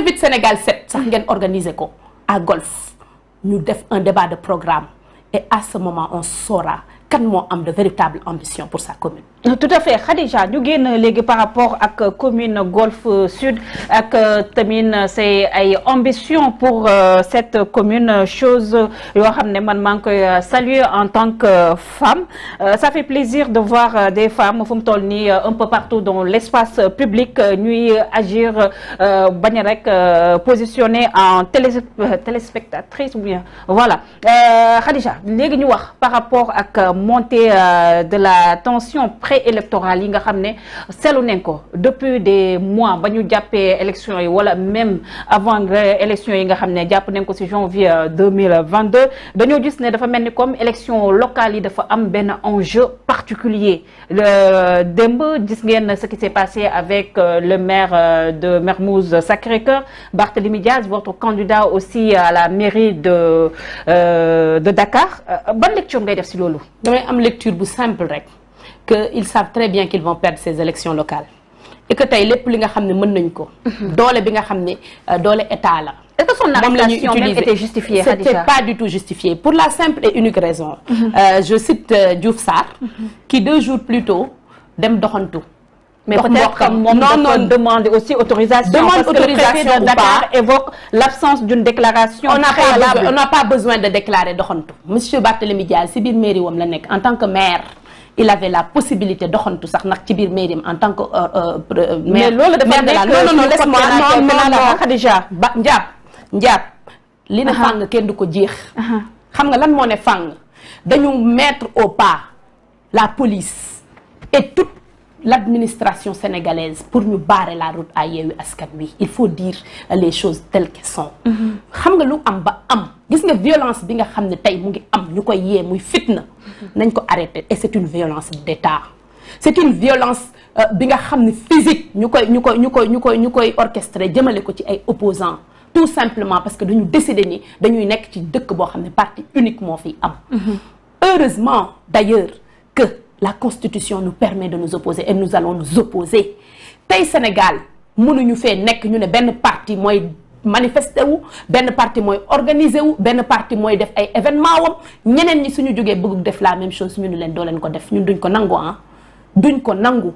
invite Sénégal 7 sax ngeen organiser ko à Golf ñu def un débat de programme et à ce moment on saura kan moo am de véritable ambition pour sa commune Euh, tout à fait Khadija ñu génn léegi par rapport ak commune Golf Sud ak euh, tamit c'est ay ambition pour euh, cette commune chose yoo xam ne man maa ngi koy saluer en tant que femme ça fait plaisir de voir des femmes fu mu toll nii un peu partout dans l'espace public ñuy agir bañ rek positionner en télé téléspectatrice ou bien voilà Khadija léegi ñu wax par rapport ak montée de la tension préélectorale yi nga xam ne selu nañ ko depuis des mois ba ñu jàppee élection yi wala même avant élection yi nga xam ne jàpp nañ ko ci janvier 2022 euh, dañoo gis ne dafa mel ni comme élection locale yi dafa am benn enjeu particulier euh, demb gis ngeen ce qui s'est passé avec euh, le maire de Mermoz Sacré-Cœur Barthélémy Diaz votre candidat aussi à la mairie de de Dakar ban lecture ngay def si loolu damay am lecture bu simple que ils savent très bien qu'ils vont perdre ces élections locales et que tey lépp li nga xam ne mën nañ ko mhm. doole bi nga xam ne euh, doole état la est-ce que son arrestation même était justifiée c'était pas du tout justifié pour la simple et unique raison mhm. euh, je cite euh, Diouf mhm. qui deux jours plus tôt dem doxantu mais peut-être que moom dafa demande aussi autorisation. demande autorisation ou pas parce que évoque l'absence d'une déclaration. on n'a pas besoin de déclarer doxantu. monsieur Barthélémy Dias si biir la nekk en tant que maire. il avait la possibilité doxantu sax nag ci biir mairie en tant que euh, euh, euh, maire de la non non non laisse-moi non non non Khadija ba njaab njaab li ne fàng kenn du ko jeex xam nga lan moo ne fàng dañu metre au pas la police et toute l'administration sénégalaise pour ñu barrer la route à Yewwi Askan Wi il faut dire les choses telles qu'elles sont xam nga lu am ba am gis nga violence bi nga xam ne tey mu ngi am ñu koy yee muy fitna nañ ko arrêter et c'est une violence d'État c'est une violence euh, bi nga xam ne physique ñu koy ñu koy ñu koy ñu koy ñu koy orchestré jëmale ko ci ay opposants tout simplement parce que dañu décider ni dañuy nekk ci dëkk boo xam ne parti unique moo fiy am mm-hmm. heureusement d'ailleurs la constitution nous permet de nous opposer et nous allons nous opposer tey Sénégal mënuñu fee nekk ñu ne benn parti mooy manifester wu benn parti mooy organiser wu benn parti mooy def ay événement wam ñeneen ñi suñu jógee bëgg def la même chose ñu ne leen doo leen ko def ñun duñ ko nangu ah duñ ko nangu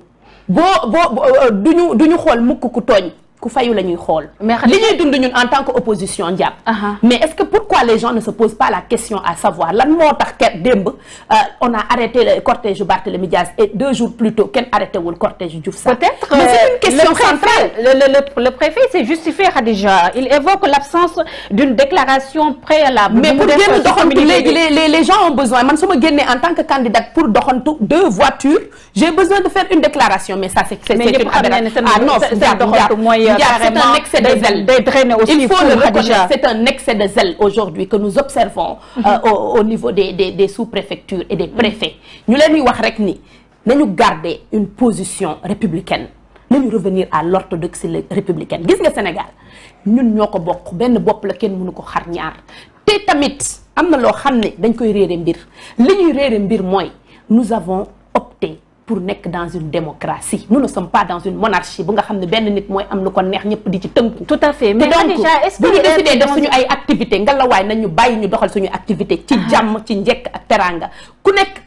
boo boo euh, duñu duñu xool mukk ku tooñ ku fayu la ñuy xool li ñuy dund ñun en tant que opposition njàpp mais est-ce pour pourquoi les gens ne se posent question à savoir lan moo tax ket démb euh, le cortège c'est euh, une question centrale le préfet s'est justifié Khadija préalable les gens ont besoin man su en tant que candidate pour doxantu deux voitures j'ai besoin de faire une déclaration mais ça c'est c'est une aberration ah non doxantu mooy carrément euh, c'est un excès de zèle il faut le reconnaître c'est un excès de zèle aujourd'hui que nous observons euh, mhm. au, au, niveau des des, des sous-préfectures et des mhm. préfets ñu leen di wax rek ni nañu garder une position républicaine nañu revenir à l'orthodoxie républicaine gis nga Sénégal ñun ñoo ko bokk benn bopp la kenn mënu ko xarñaar ñaar te tamit am na loo xam ne dañ koy réere mbir li ñuy réere mbir mooy nous avons opté pour nekk dans une démocratie nous ne sommes pas dans une monarchie bu nga xam ne benn nit mooy am lu ko neex ñëpp di ci tënku. tout à fait mais déjà est-ce bu ñu décidé def suñu ay activité ngelawaay nañ ñu bàyyi ñu doxal suñu activité. ci ah. jàmm ci njekk ak teraanga ku nekk.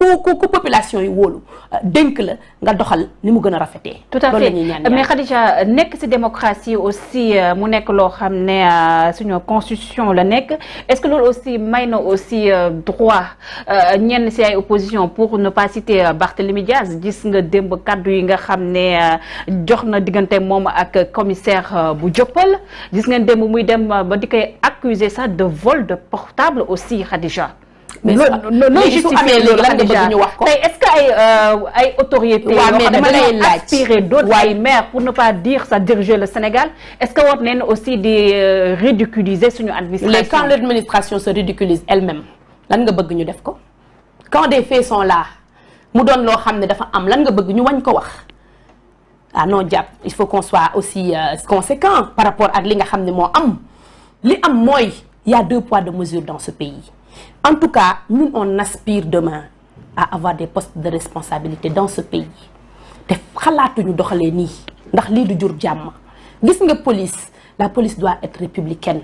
ku ku population yi wóolu euh, dénk la nga doxal ni mu gën a rafetee. tout à fait mais Khadija nekk ci démocratie aussi euh, mu nekk loo xam ne euh, suñu constitution la nekk est-ce que loolu aussi may na aussi droit ñenn si ay opposition pour ne pas citer Barthélémy Diaz gis nga démb kaddu yi nga xam ne jox na diggante moom ak commissaire bu Joppal gis ngeen démb muy dem ba di koy accuser ça de vol de portable aussi Khadija. mais looy justifié loolu lan nga bëgg ñu wax ko tey que ay euh, ay autorités yoo xam ne dañoo aspiré d'autres ay maire pour ne pas dire ça diriger le Sénégal est-ce que war nañ aussi di euh, ridiculiser suñu administration. mais quand l'administration se ridiculise elle-même bëgg ñu def ko quand des faits sont là mu doon loo xam ne dafa am lan nga bëgg ñu wañ ko wax ah non jàpp il faut qu'on soit aussi euh, conséquent par rapport ak li nga xam ne moo am li am mooy y a deux poids deux mesures dans ce pays en tout cas ñun on aspire demain à avoir des postes de responsabilité dans ce pays te xalaatuñu doxalee nii ndax lii du jur jàmm gis nga police la police doit être républicaine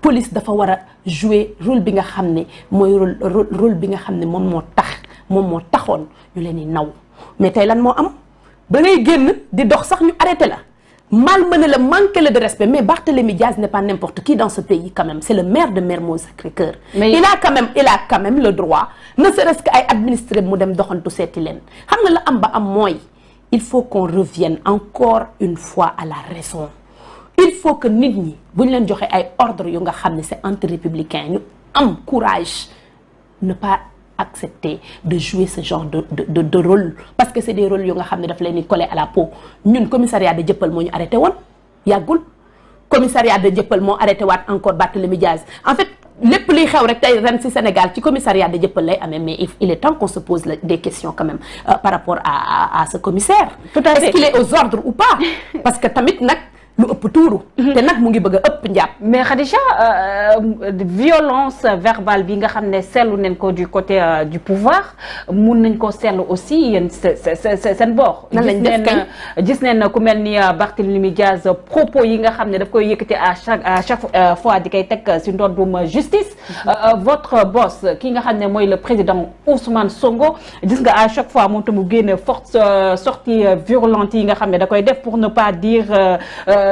police dafa war a jouer rôle bi nga xam ne mooy rôle rôle bi nga xam ne moom moo tax moom moo taxoon ñu leen di naw mais tey lan moo am ba ngay génn di dox sax ñu arrêté la malmené la manqué le de respect mais Barthélémy Diaz n'est pas n'importe qui dans ce pays quand même c'est le maire de Mermoz Sacré-Cœur mais... il a même il droit ne serait-ce que ay administré mu dem doxantu seeti leen xam nga la am ba am mooy il faut qu'on revienne encore une fois à la raison il faut que nit ñi bu ñu leen joxee ay ordre yu nga xam ne c'est anti républicain ñu am courage ne pas accepter de jouer ce genre de de de, de rôle parce que c'est des rôles yoo nga xam ne daf leen di coller à la peau ñun commissariat de Jëppal moo ñu arrêté woon yàggul commissariat de Jëppal moo arrêté waat encore Barthélémy Diaz en fait lépp liy xew rek tey ren ci Sénégal ci commissariat de Dieuppeul lay amee mais il est temps qu'on se pose des questions quand même euh, par rapport à, ce commissaire. tout à fait aux ordres ou pas. parce que tamit nag lu ëpp tuuru. Mhm. te nag mu ngi bëgg a ëpp njàpp. mais Khadija euh, euh, violence verbale bi nga xam ne seetlu nañ ko du côté euh, du pouvoir mun nañ ko seetlu aussi yéen seen boor. nan lañ def kañ gis nañ ku mel ni Barthélémy Diaz propos yi nga xam ne daf koy yëkkati à chaque à chaque fois di koy teg si ndoddum justice. Mhm. votre boss ki nga xam ne mooy le président Ousmane Sonko gis nga à chaque fois moom tamit mu génne forte sortie virulente yi nga xam ne da koy def pour ne pas dire.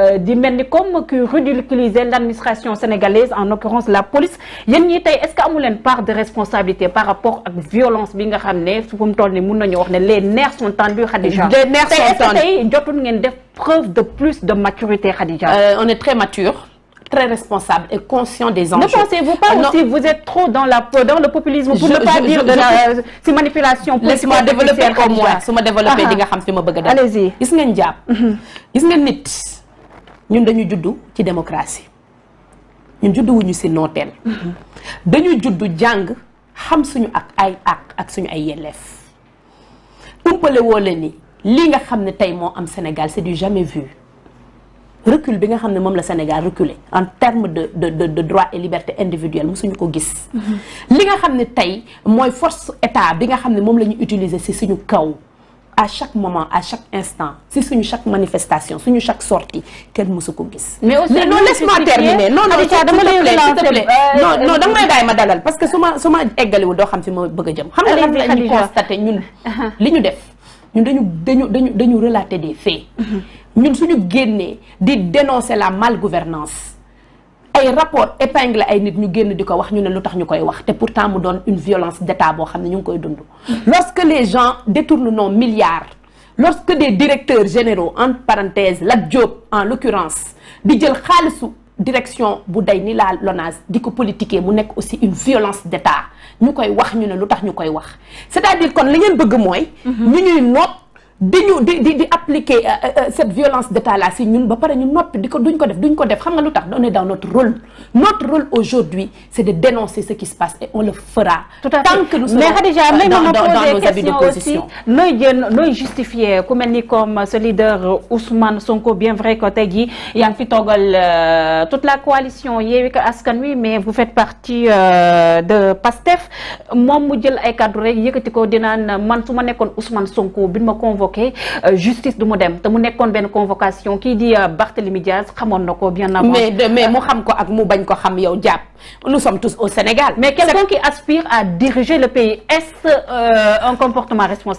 Euh, di mel ni comme que ridiculiser l'administration sénégalaise en l'occurrence la police yéen ñi tey est-ce que leen part de responsabilité par rapport ak violence bi nga xam ne fu mu toll nii mun nañu wax ne les nerfs sont tendus Khadija les nerfs sont tendus tey jotul ngeen def preuve de plus de maturité Khadija euh, on est très mature très responsable et conscient des enjeux. Ne pensez-vous pas euh, aussi vous êtes trop dans la dans le populisme pour je, ne pas dire si manipulation laisse-moi ma développer ah, di ah. nga xam fi ma bëgg a dem allez-y gis ngeen jàpp mhm. gis ñun dañu juddu ci démocratie ñun juddu wuñu si nooteel dañu juddu jàng xam suñu ak ay àq ak suñu ay yelleef umpale woo la ni lii nga xam ne tey moo am Sénégal c'est du jamais vu recul bi nga xam ne moom la Sénégal reculé en terme de de de de droit et liberté individuelle mosuñu ko gis. Mm-hmm. li nga xam ne tey mooy force état bi nga xam ne moom la ñu utiliser si suñu kaw. à chaque moment à chaque instant si suñu chaque manifestation suñu chaque sortie kenn mësu ko gis. mais aussi mais non laisse-moi terminer non non. Adja dama lay planté non euh, non euh, danga may euh, bàyyi ma dalal parce que su ma su ma eggaliwul doo xam si ma bëgg a jëm. xam nga lan la ñu constaté ñun uh-huh. li ñu def ñun dañu dañu dañu dañu relater des faits. Uh-huh. ñun suñu génnee di dénoncer la mal gouvernance ay rapport épingle ay nit ñu génn di ko wax ñu ne lu tax ñu koy wax te pourtant mu doon une violence d'état boo xam ne ñu ngi koy dund lorsque les gens détournent nos milliards lorsque des directeurs généraux en parenthèse la Diop en l'occurrence di jël xaalisu direction bu day ni la LONASE di ko politiquer mu nekk aussi une violence d'état ñu koy wax ñu ne lu tax ñu koy wax c'est-à-dire kon li ngeen bëgg mooy mhm. ñu ñuy noot diñu di di di appliquer euh, euh, euh, cette violence d'état là si ñun ba pare ñu noppi di ko duñ ko def duñ ko def xam nga lu tax on est dans notre rôle notre rôle aujourd'hui c'est de dénoncer ce qui se passe et on le fera tant que nous mais Khadija Sonko bien vrai que tey jii yaa ngi fi toogal toute la coalition Yewwi Askan Wi mais vous faites partie de PASTEF moom mu jël ay kaddu rek yëkkati ko dinaan man su ma nekkoon Ousmane Sonko bi ma convoqué convoqué euh, justice du mu dem te mu nekkoon benn convocation kii di euh, Barthélémy Diaz xamoon na ko bien avant. mais mais mu euh, xam ko ak mu bañ ko xam yow jàpp nous sommes tous au Sénégal. mais quelqu'un qui aspire à diriger le pays est-ce un comportement responsable.